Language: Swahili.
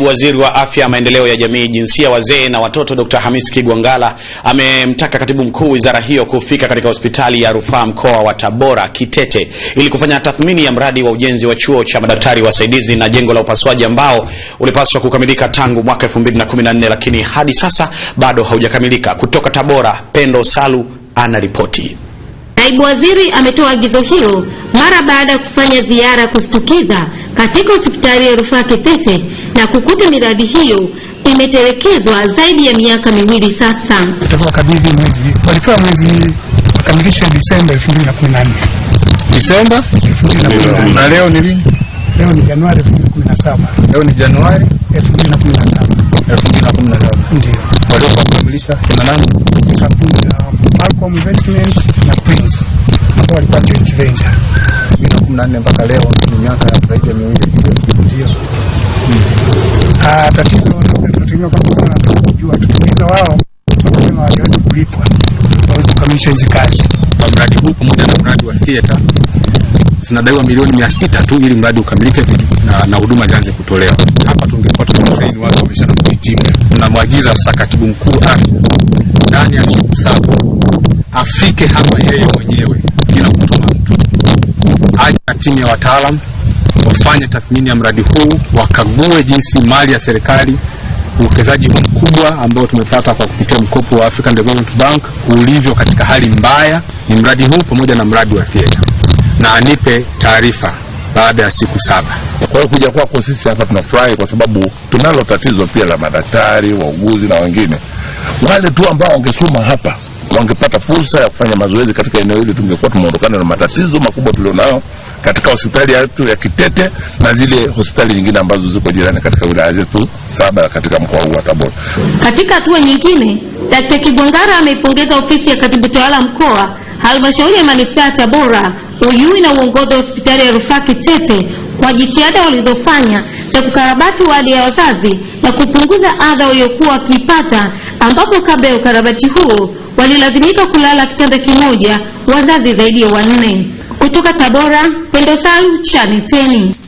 Waziri wa Afya, Maendeleo ya Jamii, Jinsia, Wazee na Watoto Dr. Hamis kigwangala amemtaka katibu mkuu wizara hiyo kufika katika hospitali ya rufaa mkoa wa Tabora Kitete ili kufanya tathmini ya mradi wa ujenzi wa chuo cha madaktari wasaidizi na jengo la upasuaji ambao ulipaswa kukamilika tangu mwaka 2014 lakini hadi sasa bado haujakamilika. Kutoka Tabora, Pendo Salu anaripoti. Naibu waziri ametoa agizo hilo mara baada ya kufanya ziara kustukiza katika hospitali ya rufaa Kitete na kukuta miradi hiyo imetelekezwa zaidi ya miaka miwili sasa. Tutakabidhi mwezi walipewa mwezi wakamilishe Disemba 2014. Disemba 2014. Na leo ni lini? Leo ni Januari 2017. Leo ni Januari 2017. 2017. Ndio. Walio kukamilisha kina nani? Kampuni ya Malcolm Investment na Prince. joint venture. 2014 mpaka leo ni miaka zaidi ya miwili. Ndio. Ah, tatizo tunatakiwa kama sana tunajua tutimiza wao wakisema hawawezi kulipwa waweze kukamilisha hizi kazi. Kwa mradi huu pamoja na mradi wa theater zinadaiwa milioni mia sita tu ili mradi ukamilike na huduma zianze kutolewa. Hapa tungekuwa tunatrain watu wamesha na kuhitimu, tunamwagiza sasa katibu mkuu afya ndani ya siku saba afike hapa yeye mwenyewe bila kutuma mtu, aje na timu ya wataalamu wafanye tathmini ya mradi huu, wakague jinsi mali ya serikali, uwekezaji huu mkubwa ambao tumepata kwa kupitia mkopo wa African Development Bank ulivyo katika hali mbaya, ni mradi huu pamoja na mradi wa theater, na anipe taarifa baada ya siku saba. Kwa hiyo kuja kwako sisi hapa tunafurahi kwa sababu tunalo tatizo pia la madaktari, wauguzi na wengine wale tu ambao wangesoma hapa wangepata fursa ya kufanya mazoezi katika eneo hili, tungekuwa tumeondokana na matatizo makubwa tulionayo katika hospitali yetu ya Kitete na zile hospitali nyingine ambazo ziko jirani katika wilaya zetu saba katika mkoa huu wa Tabora. Katika hatua nyingine, Dkt. Kigwangara ameipongeza ofisi ya katibu tawala mkoa, halmashauri ya manispaa ya Tabora, Uyui na uongozi wa hospitali ya rufaa Kitete kwa jitihada walizofanya za kukarabati wadi ya wazazi na kupunguza adha waliokuwa wakipata ambapo kabla ya ukarabati huo walilazimika kulala kitanda kimoja wazazi zaidi ya wanne kutoka Tabora, Channel Chaniteni.